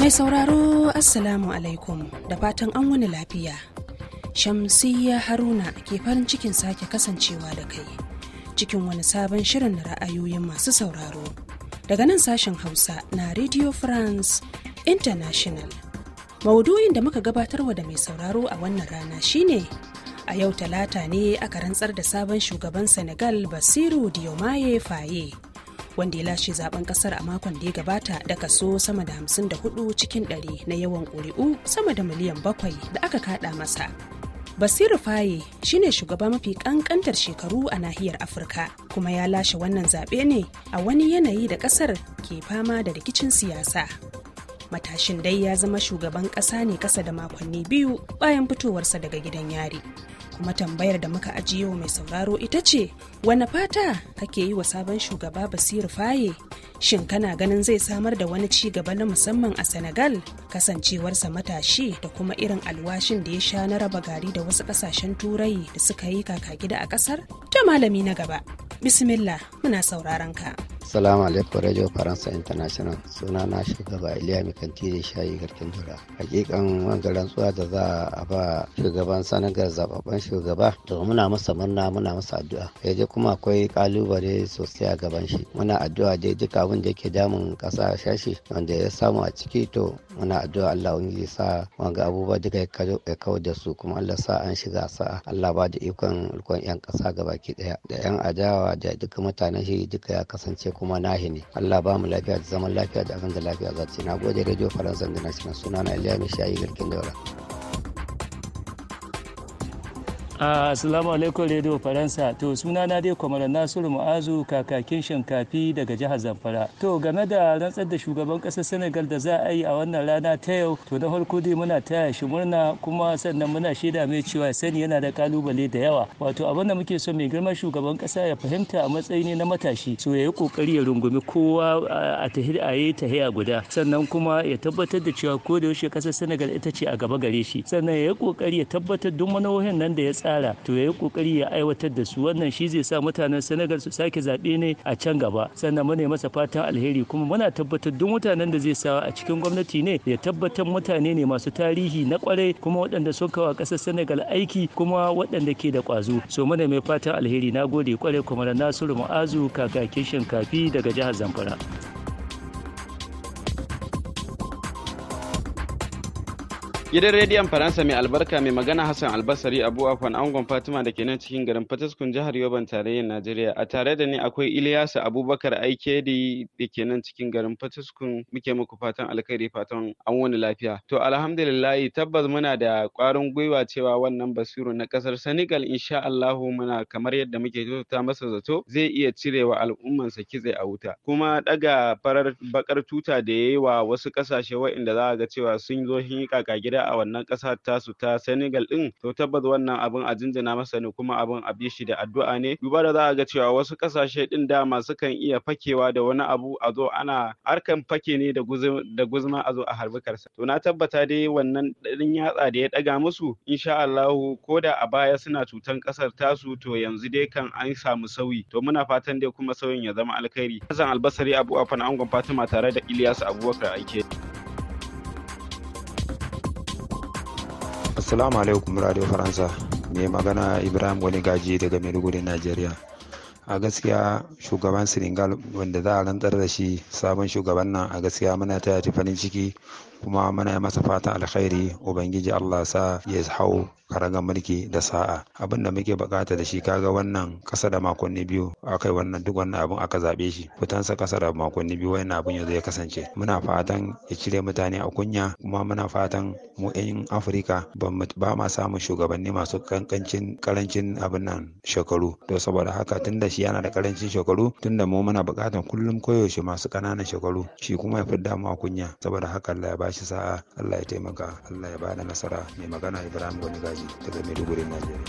Mai sauraro Assalamu alaikum da fatan an wani lafiya. Shamsiyya Haruna ke farin cikin sake kasancewa da kai cikin wani sabon shirin na ra'ayoyin masu sauraro. Daga nan sashen Hausa na Radio France International. Maudu'in da muka gabatarwa da mai sauraro a wannan rana shine a yau talata ne aka rantsar da sabon shugaban Senegal Basiru Diomaye Faye. wanda ya lashe zaben kasar a makon da ya gabata da kaso sama da hamsin da hudu cikin 100 na yawan ƙuri'u sama da miliyan bakwai da aka kada masa. Basiru Faye shine shugaba mafi kankantar shekaru a nahiyar Afirka kuma ya lashe wannan zaɓe ne a wani yanayi da ƙasar ke fama da rikicin siyasa. matashin dai ya zama shugaban ƙasa ne ƙasa da makonni biyu bayan fitowarsa daga gidan yari kuma tambayar da muka wa mai sauraro ita ce wani fata kake yi wa sabon shugaba basiru faye shin kana ganin zai samar da wani ci gaba na musamman a senegal kasancewarsa matashi da kuma irin alwashin da ya sha na raba gari da wasu kasashen turai da suka yi kaka gida a ƙasar? ta malami na gaba bismillah muna sauraron ka Salamu alaikum Radio Faransa International suna na shugaba Iliya Mikanti da shayi garkin dora. Hakikan wangar rantsuwa da za a ba shugaban sanagar zababben shugaba to muna masa murna muna masa addu'a. Yaje kuma akwai kalubale sosai a gaban shi. Muna addu'a dai duka abin da yake damun kasa shashi wanda ya samu a ciki to muna addu'a Allah wani sa wanga abubuwa duka ya kawo da su kuma Allah sa an shiga sa Allah ba da ikon ikon 'yan kasa gabaki daya da 'yan adawa da duka mutanen shi duka ya kasance kuma nahi ne Allah ba mu lafiya da zaman lafiya da abin da lafiya zaci na gode radio faransa da international suna na Iliya shayi garkin daura asalamu alaikum Radio Faransa. To suna na dai Kwamar Nasiru Mu'azu kakakin shinkafi daga jihar Zamfara. To game da rantsar da shugaban ƙasar Senegal da za a yi a wannan rana ta yau, to na farko dai muna taya shi murna kuma sannan muna shaida mai cewa sani yana da kalubale da yawa. Wato abin da muke so mai girman shugaban ƙasa ya fahimta a matsayi ne na matashi. So ya yi kokari ya rungumi kowa a tahir a yi tahiya guda. Sannan kuma ya tabbatar da cewa ko da yaushe ƙasar Senegal ita ce a gaba gare shi. Sannan ya yi kokari ya tabbatar duk manohin nan da ya tsaya tsara to ya yi kokari ya aiwatar da su wannan shi zai sa mutanen senegal su sake zaɓe ne a can gaba sannan muna masa fatan alheri kuma muna tabbatar duk mutanen da zai sawa a cikin gwamnati ne ya tabbatar mutane ne masu tarihi na kwarai kuma waɗanda sun kawo ƙasar senegal aiki kuma waɗanda ke da ƙwazo so muna mai fatan alheri na gode kwarai kuma da nasiru ma'azu kakakin shinkafi daga jihar zamfara Gidan rediyon Faransa mai albarka mai magana Hassan Albasari Abu Afan Angon Fatima da ke nan cikin garin Fataskun jihar Yoban tarayyar Najeriya. A tare da ni akwai Ilyasu Abubakar Aikedi da ke nan cikin garin Fataskun muke muku fatan alkhairi fatan an wani lafiya. To alhamdulillahi tabbas muna da kwarin gwiwa cewa wannan basiru na kasar Senegal insha Allahu muna kamar yadda muke ta masa zato zai iya cirewa al'ummansa kitse a wuta. Kuma daga farar bakar tuta da yayi wa wasu kasashe wa'inda za ga cewa sun zo hin yi kaka gida a wannan ƙasa tasu ta Senegal ɗin? to tabbas wannan abin a jinjina masa ne kuma abin a bi shi da addu'a ne duba da za a ga cewa wasu ƙasashe da masu kan iya fakewa da wani abu a zo ana harkan fake ne da guzma a zo a harbi karsa to na tabbata dai wannan ɗin yatsa da ya ɗaga musu insha Allahu ko da a baya suna cutan ƙasar tasu to yanzu dai kan an samu sauyi to muna fatan dai kuma sauyin ya zama alkhairi Hassan Albasari Abu Afan Angon Fatima tare da Ilyas Abubakar Aike. assalamu alaikum radio faransa mai magana ibrahim wani gaji daga maiduguri nigeria a gaskiya shugaban senegal wanda za a rantsar da shi sabon shugaban nan a gaskiya muna taya ta farin ciki kuma muna masa fatan alkhairi ubangiji Allah sa ya hau karaga mulki da sa'a abin da muke bukata da shi kaga wannan kasa da makonni biyu akai wannan duk wannan abin aka zabe shi sa kasa da makonni biyu wannan abin yanzu ya kasance muna fatan ya cire mutane a kunya kuma muna fatan mu yan Afirka ba ma samun shugabanni masu kankancin karancin abin nan shekaru to saboda haka tunda shi yana da karancin shekaru tunda mu muna bukatan kullum koyaushe masu ƙananan shekaru shi kuma ya fi damu a kunya saboda haka Allah ya ba shi sa'a Allah ya taimaka Allah ya bada nasara mai magana Ibrahim wani Gaji daga Maiduguri Najeriya.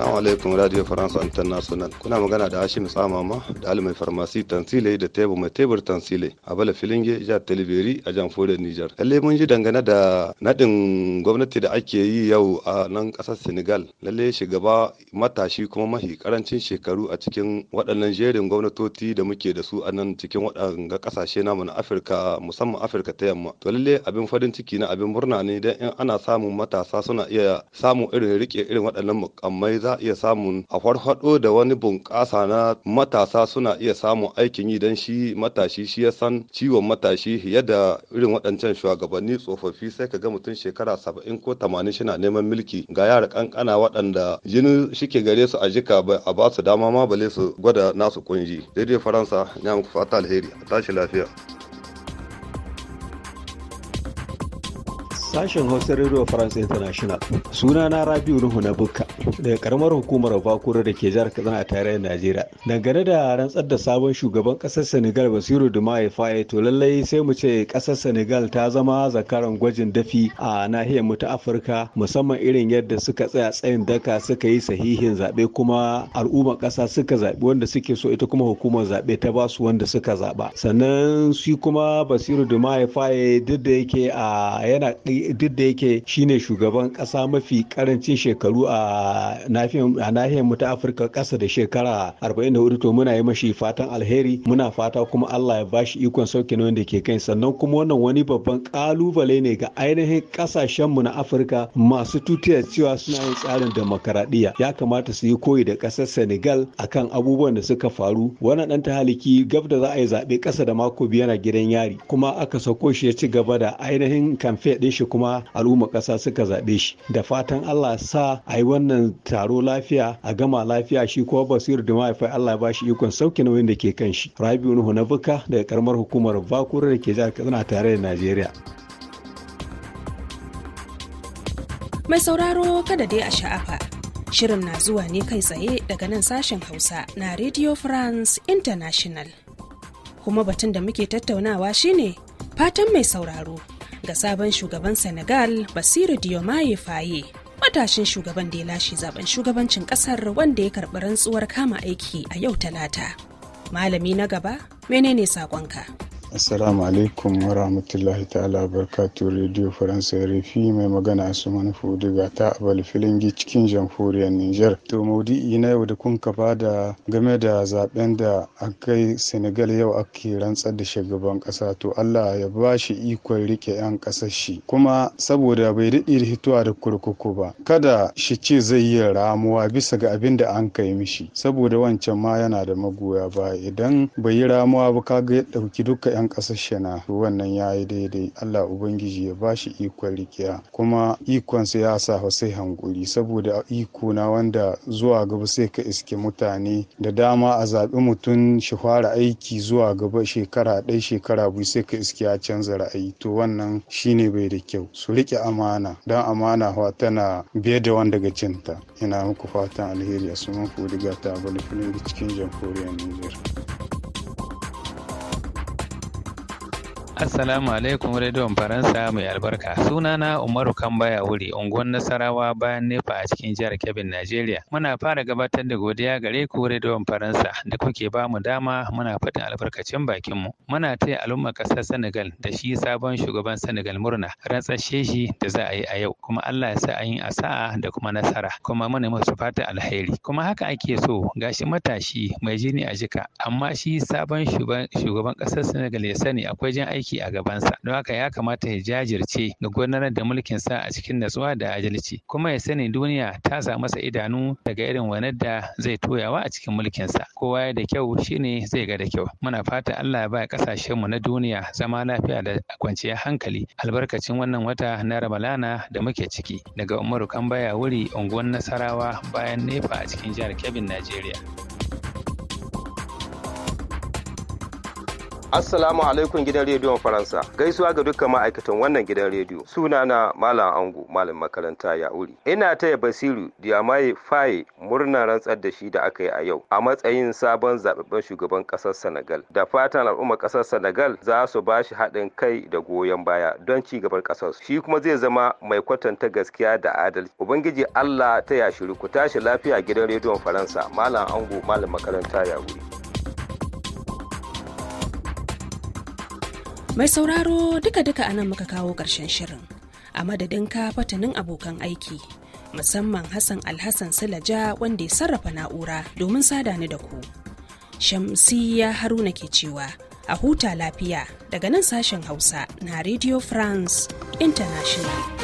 Assalamu alaikum Radio France International. Kuna magana da Hashim Tsamama da Almai Farmasi Tansile da Tebo Mai Tebur Tansile a Bala Filinge ja Talibiri a Jamfoda Niger. Lalle mun ji dangane da nadin gwamnati da ake yi yau a nan kasar Senegal. Lalle shugaba matashi kuma mahi karancin shekaru a cikin waɗannan jerin gwamnatoci da muke da su a nan cikin waɗanga ƙasashe namu na Afirka musamman Afirka ta yamma. To lalle abin farin ciki na abin murna ne dan in ana samun matasa suna iya samun irin rike irin waɗannan mukammai za za a iya samun a farfado da wani bunƙasa na matasa suna iya samun aikin yi don shi matashi shi ya san ciwon matashi fiye da irin waɗancan shugabanni tsofaffi sai ka ga mutum shekara saba'in ko tamanin shina neman mulki ga yara kankana waɗanda jini shike gare su a jika a ba su dama ma bale su gwada nasu kunji daidai faransa ya muku fata alheri a tashi lafiya. Sashen Hausa Radio France International. Suna na Rabiu Nuhu na Bukka daga karamar hukumar Bakura da ke jihar Katsina a tarayyar Najeriya. Dangane da rantsar da sabon shugaban kasar Senegal Basiru Dumaye Faye to lallai sai mu ce kasar Senegal ta zama zakaran gwajin dafi a nahiyar mu ta Afirka musamman irin yadda suka tsaya tsayin daka suka yi sahihin zabe kuma al'ummar kasa suka zabi wanda suke so ita kuma hukumar zaɓe ta basu wanda suka zaba Sannan shi kuma Basiru Dumaye Faye duk da yake a yana duk da yake shine shugaban kasa mafi karancin shekaru a nahiyar mu ta afirka kasa da shekara 44 to muna yi mashi fatan alheri muna fata kuma allah ya bashi ikon sauke na wanda ke kai sannan kuma wannan wani babban kalubale ne ga ainihin kasashen mu na afirka masu tutiyar cewa suna yin tsarin demokaradiyya ya kamata su yi koyi da kasar senegal akan abubuwan da suka faru wannan dan ta haliki gab da za a yi zaɓe kasa da mako biyu yana gidan yari kuma aka sako shi ya ci gaba da ainihin kamfe ɗin shi kuma al'umma ƙasa suka zaɓe shi da fatan Allah sa a yi wannan taro lafiya a gama lafiya shi kuma Basir da mahaifai Allah ba shi ikon sauke nauyin da ke kan shi Rabiu Nuhu na Buka daga karamar hukumar Bakure da ke jihar Katsina tare da Najeriya. Mai sauraro kada dai a sha'afa. Shirin na zuwa ne kai tsaye daga nan sashen Hausa na Radio France International. Kuma batun da muke tattaunawa shine fatan mai sauraro ga sabon shugaban Senegal Basiru Diomaye Faye. Matashin shugaban da ya lashe zaben shugabancin kasar wanda ya karɓi rantsuwar kama aiki a yau talata. Malami na gaba, menene saƙonka? Assalamu alaikum wa rahmatullahi ta'ala barkatu Radio Faransa Rifi mai magana su manufu daga ta abal filingi cikin jamhuriyar Nijar. To maudu'i na yau da kun kafa da game da zaben da akai Senegal yau ake rantsar da shugaban kasa to Allah ya ba shi ikon rike yan kasar shi kuma saboda bai daɗe da hituwa da kurkuku ba kada shi ce zai yi ramuwa bisa ga abin da an kai mishi saboda wancan ma yana da magoya ba idan bai yi ramuwa ba kaga ya ɗauki duka ɗan ƙasar shana wannan ya yi daidai allah ubangiji ya ba shi ikon rikiya kuma ikonsa ya sa sai hankuri saboda iko na wanda zuwa gaba sai ka iske mutane da dama a zaɓi mutum shi fara aiki zuwa gaba shekara ɗaya shekara biyu sai ka iske ya canza ra'ayi to wannan shine bai da kyau su rike amana don amana wa tana biye da wanda ga cinta ina muku fatan alheri a sunan ku riga ta bala filin cikin jamhuriyar nijar Assalamu alaikum rediyon Faransa mai albarka. Sunana Umaru Kambaya Wuri, unguwar Nasarawa bayan Nefa a cikin jihar Kebbi, Najeriya. Muna fara gabatar da godiya gare ku rediyon Faransa da kuke ba mu dama muna faɗin albarkacin bakin mu. Muna taya al'umma ƙasar Senegal da shi sabon shugaban Senegal murna rantsashe shi da za a yi a yau. Kuma Allah ya sa a yi asa'a da kuma nasara. Kuma muna su fata alheri. Kuma haka ake so gashi matashi mai jini a jika amma shi sabon shugaban ƙasar Senegal ya sani akwai jan aiki mulki a gabansa don haka ya kamata ya jajirce ga gudanar da mulkin sa a cikin natsuwa da adalci kuma ya sani duniya ta sa masa idanu daga irin wanar da zai toyawa a cikin mulkin sa kowa ya da kyau shine zai ga da kyau muna fata Allah ya ba kasashen mu na duniya zama lafiya da kwanciyar hankali albarkacin wannan wata na Ramalana da muke ciki daga Umaru Kambaya wuri unguwar Nasarawa bayan Nefa a cikin jihar Kebbi Najeriya. Assalamu alaikum gidan rediyon Faransa. Gaisuwa ga dukkan ma'aikatan wannan gidan rediyo. Sunana Malam Ango, Malam makaranta ya Ina taya Basiru Diyamaye Faye murnar rantsar da shi da aka yi a yau a matsayin sabon zababben shugaban kasar Senegal. Da fatan al'ummar kasar Senegal za su ba shi haɗin kai da goyon baya don ci gaban kasar. Shi kuma zai zama mai kwatanta gaskiya da adalci. Ubangiji Allah ta shiru ku tashi lafiya gidan rediyon Faransa. Malam Ango, Malam makaranta Ya'uri. Mai sauraro duka-duka anan muka kawo ƙarshen shirin. A madadin ka fatanin abokan aiki, musamman Hassan Alhassan Silaja wanda ya sarrafa na'ura domin sada ni da ku. Shamsiyya Haruna ke cewa a huta lafiya daga nan sashen Hausa na Radio France International.